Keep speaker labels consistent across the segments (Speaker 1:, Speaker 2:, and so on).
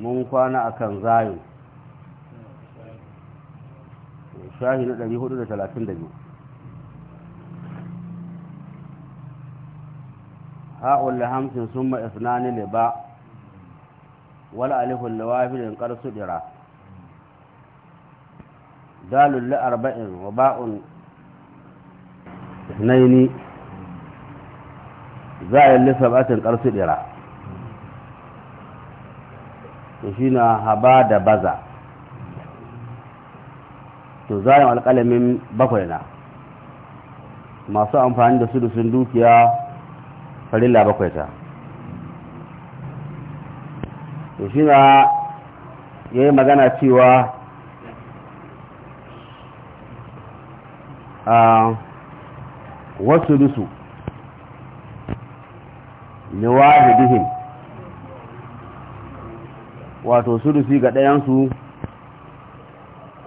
Speaker 1: mun kwana a kan zayo shahi na 432 ha'ul hamsin sun summa isnani liba wal alifu lawafil qarsu dira dalil li arba'in wa ba'un za اثنين زائل لسبعة قرص دراهم to shi na haba da baza to zayin alƙalamin bakwai na masu amfani da su da sun dukiya farilla bakwai ta to shi na ya yi magana cewa a wasu dusu dihin. wato sudusi ga ɗayansu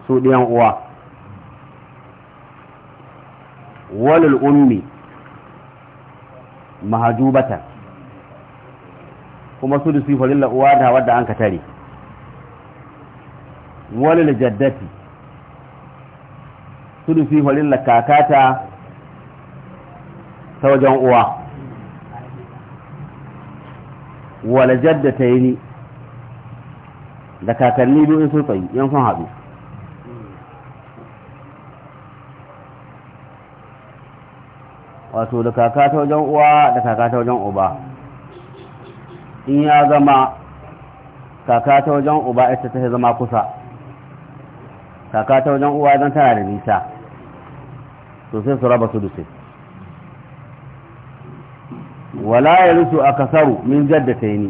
Speaker 1: su ɗiyan uwa walul ummi mahajubata kuma sudusi farilla uwa da wadda an ka tare walul jaddati sudusi farilla kakata ta wajen uwa wala jaddata yi da kakanni biyu in sun tsayi yan sun haɗu wato da kaka ta wajen uwa da kaka ta wajen uba in ya zama kaka ta wajen uba ita ta zama kusa kaka ta wajen uwa zan tana da nisa to sai su raba su dutse wala ya rusu a kasaru min jadda ta yi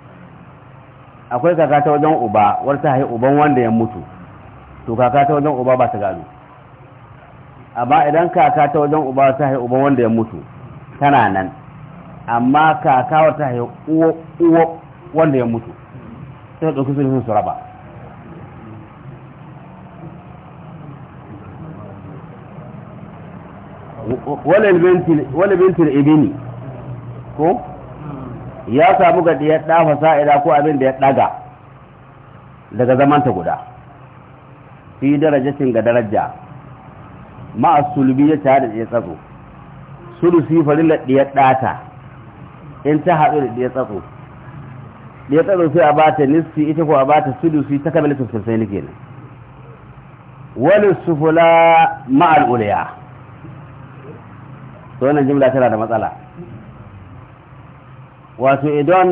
Speaker 1: akwai kaka ta wajen uba wata haihu uban wanda ya mutu to kaka ta wajen uba ba ta gado amma idan kaka ta wajen uba ta haihu uban wanda ya mutu tana nan amma kaka wata haihu uwa wanda ya mutu sai ta ɗauki sulhun su raba wale bintin ibini ko ya samu ga ya dafa sa'ida ko abin da ya daga daga zamanta guda fi darajatin ga daraja ma'a sulbi ya tare da ya tsatso sulusi farilla da ya data in ta haɗu da ya tsatso da ya tsatso sai a bata nisfi ita ko a bata sulusi ta kamar sai ne kenan wani sufula ma'al uliya to wannan jimla tana da matsala wato idan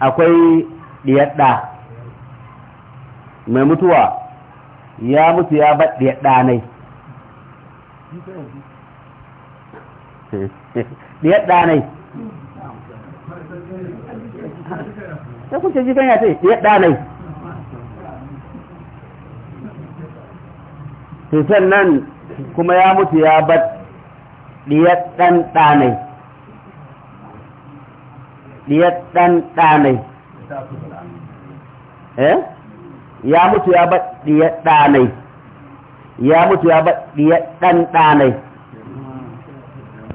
Speaker 1: akwai ɗiyadda mai mutuwa ya mutu ya baɗi ya ɗanai ɗiyar ta kuce ji kan sannan kuma ya mutu ya baɗi ya ɗanai Ɗiyar ɗan eh? ɗanai ya mutu ya ba ɗiyar ɗanai ya mutu ya ba ɗiyar ɗan ɗanai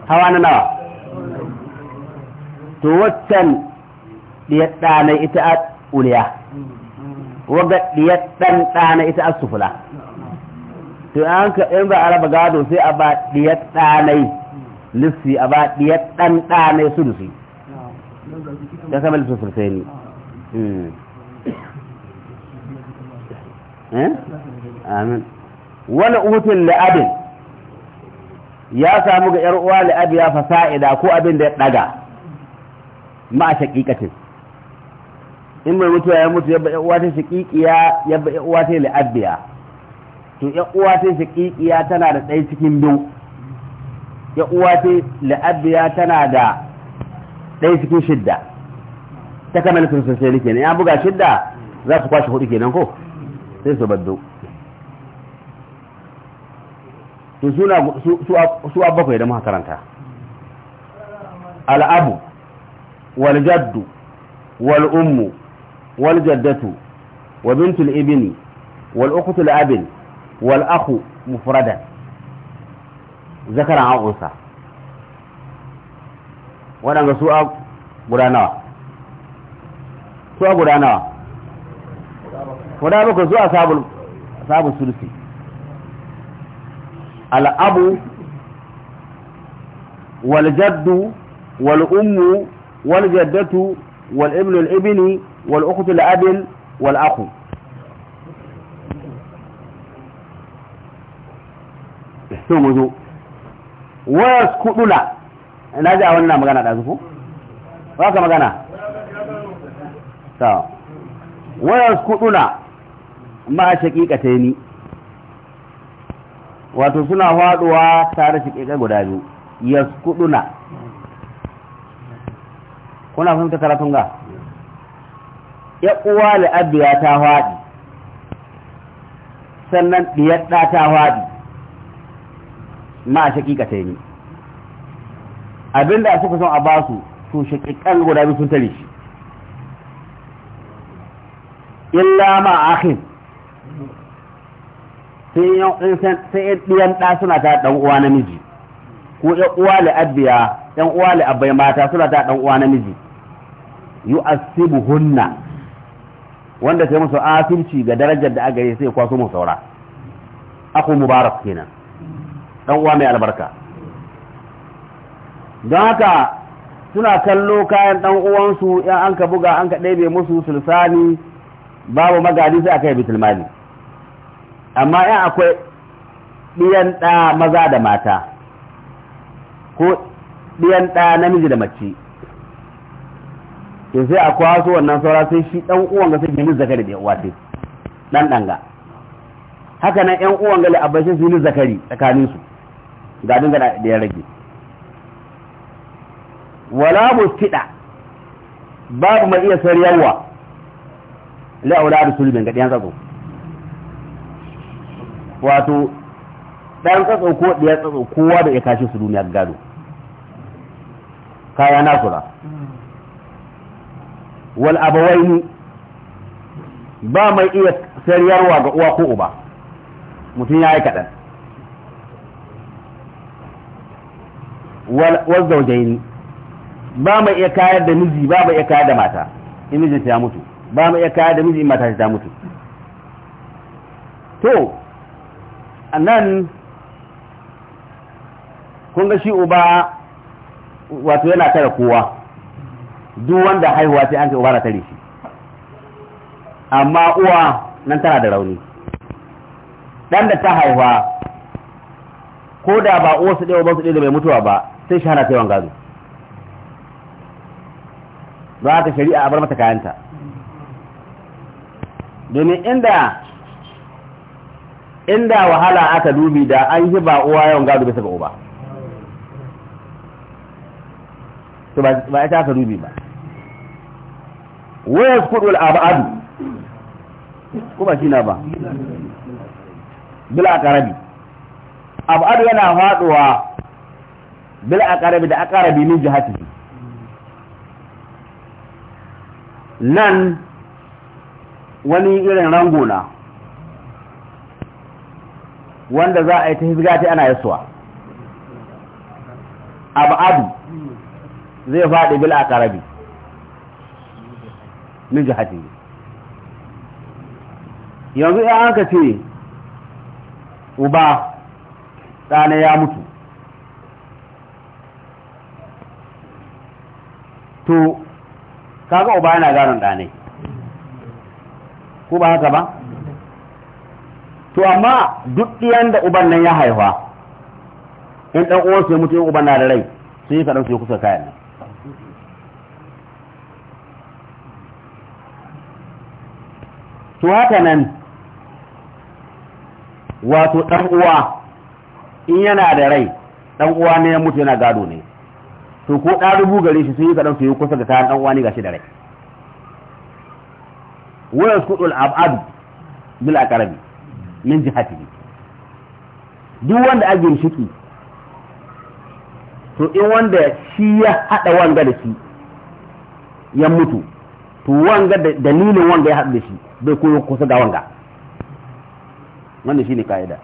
Speaker 1: hawa na nawa to waccan ɗiyar ɗanai ita a uliya waga ɗiyar ɗan ɗanai ita a sufula to an ka in ba a raba gado sai a ba ɗiyar ɗanai lissi a ba ɗiyar ɗan ɗanai sulusi ya kama da sosai ne hmm. ¿Eh? amin wani utun la'abin ya samu ga ‘yar uwa la'abi ya fasa'ida ko abin da ya daga ma a shaƙiƙatin in mai mutuwa ya mutu yabba ‘yar'uwa ta shaƙiƙiya yabba ‘yar'uwa ta la'abiya to ‘yar'uwa ta shaƙiƙiya tana da ɗaya cikin biyu ‘yar'uwa ta la'abiya tana da ɗaya cikin shidda ta kamar sun sun sai kenan ya buga shidda za su kwashe hudu kenan ko sai su baddo to suna su a bakwai da muka karanta al'abu wal jaddu wal ummu wal jaddatu wa bintul ibni wal ukhtul abin wal akhu mufradan zakaran an unsa waɗanda su a nawa su a nawa guda bakwai zuwa sabon sabon sulusi al'abu wal wal'ummu wal ummu wal jaddatu wal ibnu al ibni wal wa yaskudula ina ji a wannan magana da zuku ba ka magana wayan su kuduna ma a shakika ta ni wato suna faduwa tare shakika guda biyu yas kuduna kuna fahimta karatun ga ya uwa da abiya ta faɗi sannan ɗiyar ɗa ta faɗi ma a shakika ta ni abinda suka son a ba su to shakikan guda biyu sun tare shi illa ma akhin sai yan sai yan diyan da suna ta dan uwa namiji ko ya uwa li abiya yan uwa li abai mata suna ta dan uwa namiji yu'assibuhunna wanda sai musu asirci ga darajar da yi sai kwaso mu saura aku mubarak kenan dan uwa mai albarka don haka suna kallo kayan ɗan uwansu ya an ka buga an ka ɗebe musu sulsani babu magadi sai aka yi bitulmani amma ya akwai ɗiyan ɗa maza da mata ko ɗiyan ɗa namiji da mace to sai a kwaso wannan saura sai shi ɗan uwan ga sai jini zakari da uwa sai ɗan ga? haka nan ƴan uwan ga li abbashin su yi zakari tsakaninsu ga dinga da ya rage wala mustida babu mai iya yawa la auladu sulbi ga ɗiyan tsatso wato ɗan tsatso ko ɗiyan tsatso kowa da ya kashi su duniya gado kaya na kula wal abawaini ba mai iya sariyarwa ga uwa ko uba mutum ya yi kaɗan wal zaujaini ba mai iya kayar da miji ba mai iya kayar da mata in mijinta ya mutu ba mai iya kayar da miji in mata ta mutu to annan kun ga shi uba wato yana tara kowa duk wanda haihuwa sai an ce uba na tare shi amma uwa nan tana da rauni dan da ta haihuwa ko da ba uwa su ɗaya ba su ɗaya da bai mutuwa ba sai shi hana kaiwan gado ba ta shari'a a bar mata kayanta domin inda inda wahala aka dubi da an yi ba uwa yawan gado bisa ga uba to ba ya aka dubi ba su kudu abadu kuma shi na ba bil akarabi abadu yana faduwa bil akarabi da akarabi min jihati nan wani irin rango na wanda za a yi ta hizgati ana yasuwa abu abu zai faɗi bil a ƙarabi min jihati yanzu ya aka ce uba ɗana ya mutu to kaga uba yana ganin ɗanai ko ba haka ba to amma duk ɗiyan da uban nan ya haifa in ɗan uwan su mutu uban na da rai sai yi kaɗan su yi kusa kayan nan to haka nan wato ɗan uwa in yana da rai ɗan uwa ne ya mutu yana gado ne to ko ɗan rubu gare shi sai yi kaɗan su yi kusa da kayan ɗan wani gashi da rai wayar kudul abadu bil akarabi min jihati duk wanda a ginshiki to in wanda shi ya haɗa wanga da shi ya mutu to wanga da dalilin wanga ya haɗu da shi bai koyo kusa da wanga wanda shi ne ka'ida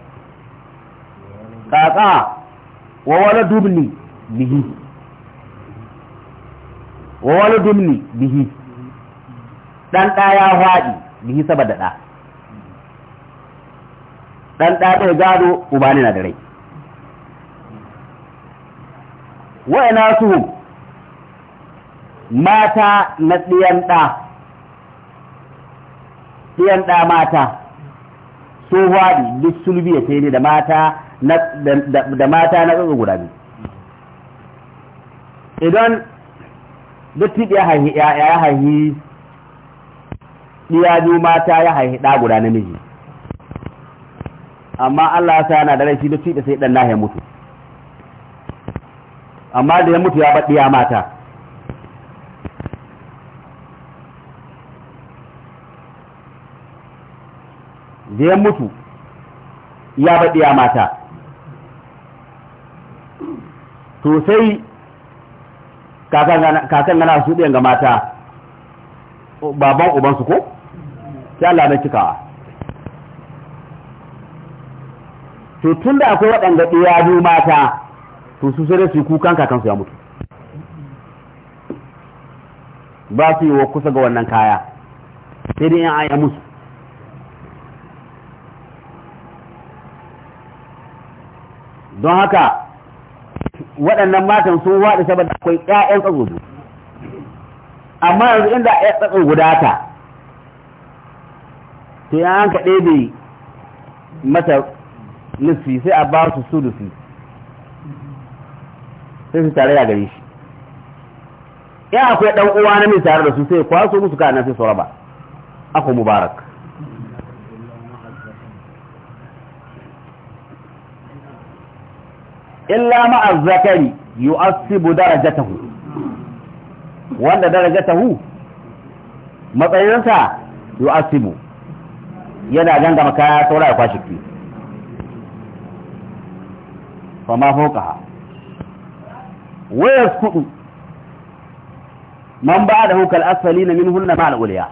Speaker 1: kaka wa wala dubli bihi wa wani dumni bihi ɗan ɗa ya haɗi bihi saboda ɗa ɗan ɗa ɗaya gado ubani na da rai wa'ina su mata na ɗiyan ɗa ɗiyan ɗa mata sun haɗi duk sulbiya sai ne da mata na da mata na guda biyu idan duk ya haihi ya haihi ɗiya biyu mata ya haihi da guda namiji amma Allah ya sa yana da rai shi duk da sai dan nahiya mutu amma da ya mutu ya bar ɗiya mata da ya mutu ya baɗiya mata to sai kakan gana su ɗiyan ga mata baban ubansu ko? sai Allah na cikawa to tun da akwai waɗanda ɗaya mata to su sai su yi kukan kakansu ya mutu ba su yi wa kusa ga wannan kaya sai dai in an musu don haka waɗannan matan sun waɗa saboda akwai ƴaƴan tsagogo amma yanzu inda ya tsatsa guda ta to ya an ɗaya ɗebe mata nufi sai a ba su su nufi sai su tare da gari shi ya akwai ɗan uwa na mai tare da su sai kwaso musu kana sai su raba aku mubarak illa asibu daraja yu'assibu darajatahu wanda darajatahu matsayinsa yu'assibu yana gangama kaya saura ya kwashi ki fama fauka wayas kudu man ba da hukal asfali na min hunna ma al'uliya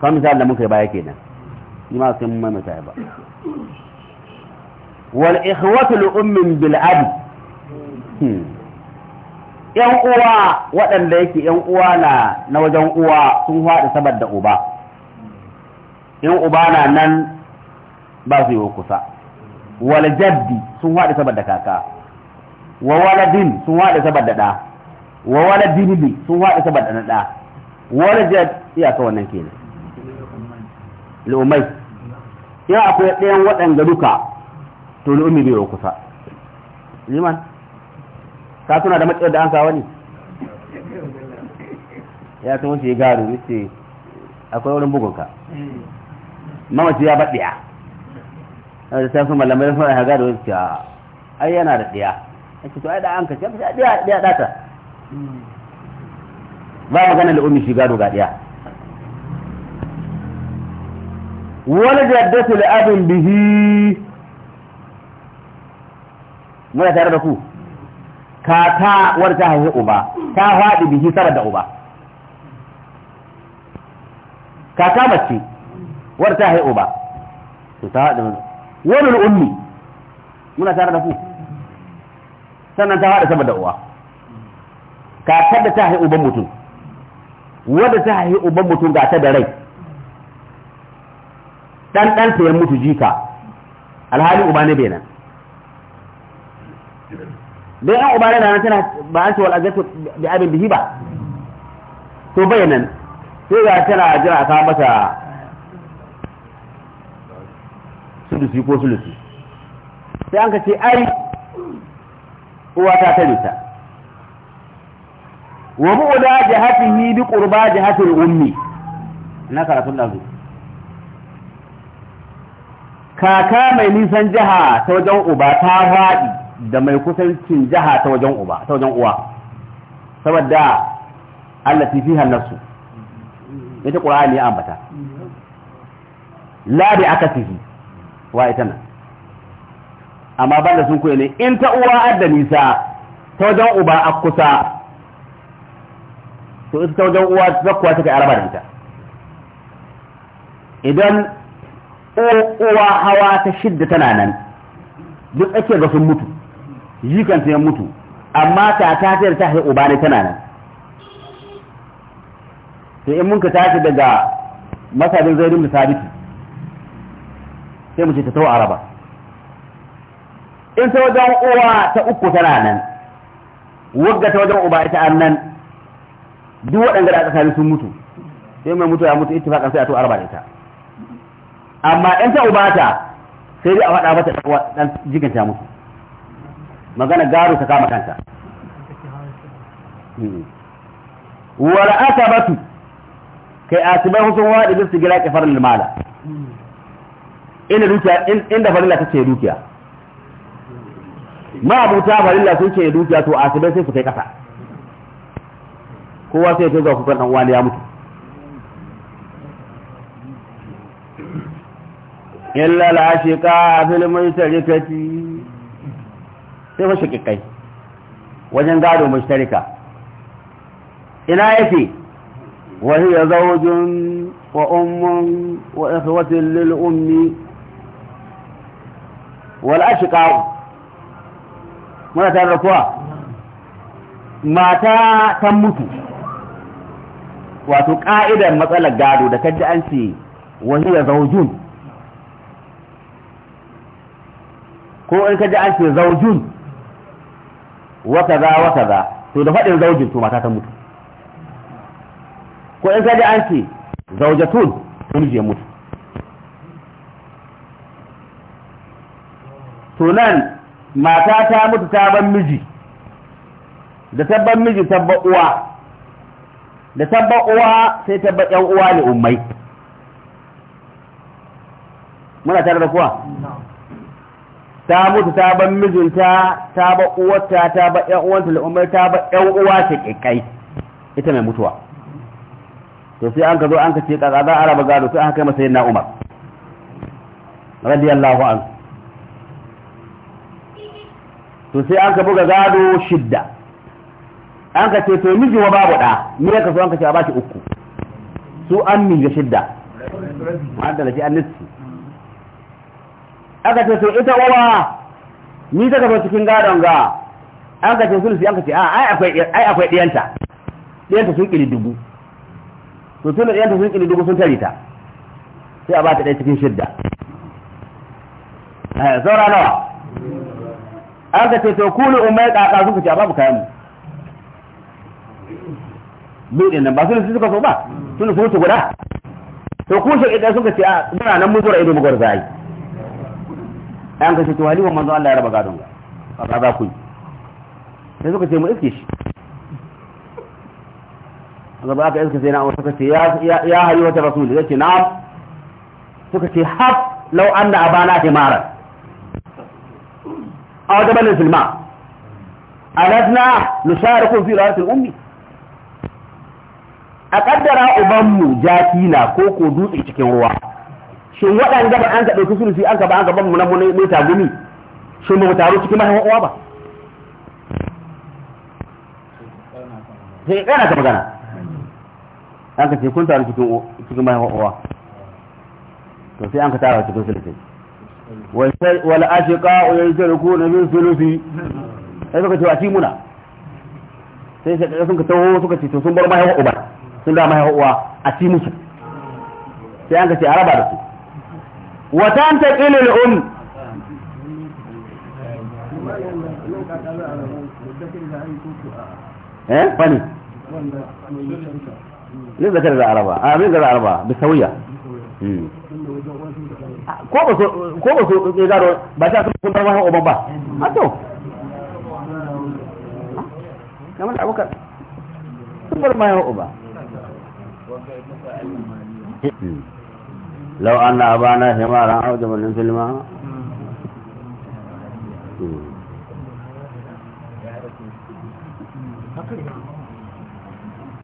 Speaker 1: kan misali da muka yi baya nan, ni ma sun maimaita ba wal ikhwatu li ummin bil hmm. yan uwa waɗanda yake yan uwa na na wajen uwa sun haɗu saboda uba yan uba na nan ba su yi kusa wal jaddi sun haɗu saboda kaka wa waladin sun haɗu saboda ɗa wa waladin bi sun haɗu saboda na ɗa wal jad iya ka wannan kenan lumai ya akwai ɗayan waɗanda duka to lu'umi bai wa kusa liman ka tuna da matsayar da an kawo ne ya tun wuce ya garu yace akwai wurin bugunka mamaci ya baɗiya da sai sun malamai sun ya garu yace ai yana da ɗiya yace to ai da an kace ba ɗiya ɗiya data ba magana lu'umi shi gado ga ɗiya ولد يدرس لأب به muna tare da ku Kaka ka ta warta haihu uba ta faɗi biki sarar da uba Kaka ta mace ta haihu uba to ta haɗin wani ummi muna tare da ku sannan ta haɗa saboda uwa kakar da ta haihu uban mutum wadda ta haihu uban mutum ga ta da rai ɗan ɗanta ya mutu jika alhali uba ne bai nan dai an ubare da nan tana ba a cewa wal da abin bihi ba to bayanan sai ga tana jira ta mata sulusi ko sulusi sai an ka ce ai uwa ta tare ta wa hafi jihatihi bi qurba jihatil ummi na karatun da kaka mai nisan jiha ta wajen uba ta faɗi da mai kusancin jiha ta wajen uba ta wajen uwa saboda Allah fi fiha nasu ita qur'ani ya ambata la bi akasihi wa ita nan amma banda sun koyi ne in ta uwa adda nisa ta wajen uba a kusa to ita ta wajen uwa zakwa take araba da ita idan uwa hawa ta shidda tana nan duk ake ga sun mutu jikan sai mutu amma ta ta ta ta ta uba ne tana nan sai in mun ka tashi daga masabin zaidun da sabiti sai mu ce ta tau araba in ta wajen uwa ta uku tana nan wagga ta wajen uba ita an nan duk waɗanda da aka sun mutu sai mai mutu ya mutu fakan sai a tawo araba da ita amma in ta ubata sai dai a faɗa mata dan jikin ta mutu magana garu ta kama kanta hmm. wal asabatu kai asibai sun wadi su gira kafar limala. ina dukiya inda farilla take dukiya ma abuta farilla sun ce dukiya to asibai sai su kai kasa kowa sai ya zo kukan dan wani ya mutu illa la shika fil mutarikati sai wasu kikai wajen gado mushtarika ina yake Wani ya zaujin wa ummun wa ikhwatun lil ummi wal ashqa muna ta da kuwa mata ta mutu wato ka'idar matsalar gado da kaji an ce ya hiya zawjun ko in kaji an ce zaujin? Wakaza-wakaza, to da faɗin zaujin to mata ta mutu ko in kaji an ce zaujatun to miji ya mutu to nan mata ta mutu ta ban miji da tabban miji tabban uwa da tabban uwa sai tabban ƴan uwa ne ummai muna tare da kuwa ta mutu ta ban mijinta ta ba uwarta ta ba ƴan uwanta da umar ta ba ƴan uwa ta kikai ita mai mutuwa to sai an ka zo an ka ce kaza za a raba gado sai an kai masa yana umar radiyallahu an to sai an ka buga gado shidda an ka ce to miji wa babu da me ka zo an ka ce a bashi uku su an miji shidda ma'adala shi an nisi aka ce to ita uwa ni ta gaba cikin gadon ga an ka ce sulusi an ka ce a ai akwai ɗiyanta ɗiyanta sun ƙiri dubu to tun da ɗiyanta sun ƙiri dubu sun tari ta sai a ba ta ɗaya cikin shidda eh, saura nawa an ka ce to kulu umai ƙaƙa sun ce a babu kayan mu ɗin nan ba sulusi suka so ba suna sun sun guda to kun shi idan sun ce a muna nan mun ido mugwar zai sai an kace to haliwa manzo Allah ya raba gadon ga ba za ku yi sai suka ce mu iske shi gaba aka iska sai na wasu suka ce ya hayi wata rasul ya ce na suka ce haf lau an da abana ke mara a wata banin silma alasna nushara kun fiye rasul ummi a kaddara ubanmu jaki na ko ko dutse cikin ruwa shin waɗanda ba an ka ɗauki sulusi an ka ba an ka ban mu na mu tagumi shin ba mu taro cikin mahaifin uwa ba sai eh, kana ka magana an ka ce kun taru cikin cikin mahaifin uwa to sai an ka tara cikin sulusi wal ashiqa yajrukuna min sulusi sai suka ce a ci muna sai sai kaga sun ka taho suka ce to sun bar mahaifin uba sun da mahaifin uwa a ci musu sai an ka ce a raba da su وتنتج إلى الأم ايه فني ليه ذكر العربة اه مين ذكر العربة بالسوية كو بسو كو بسو باشا كم كنت رواه او بابا اتو كما لا وكر كم رواه او بابا لو أن أبانا حمارا أو جبل في الماء Thank you.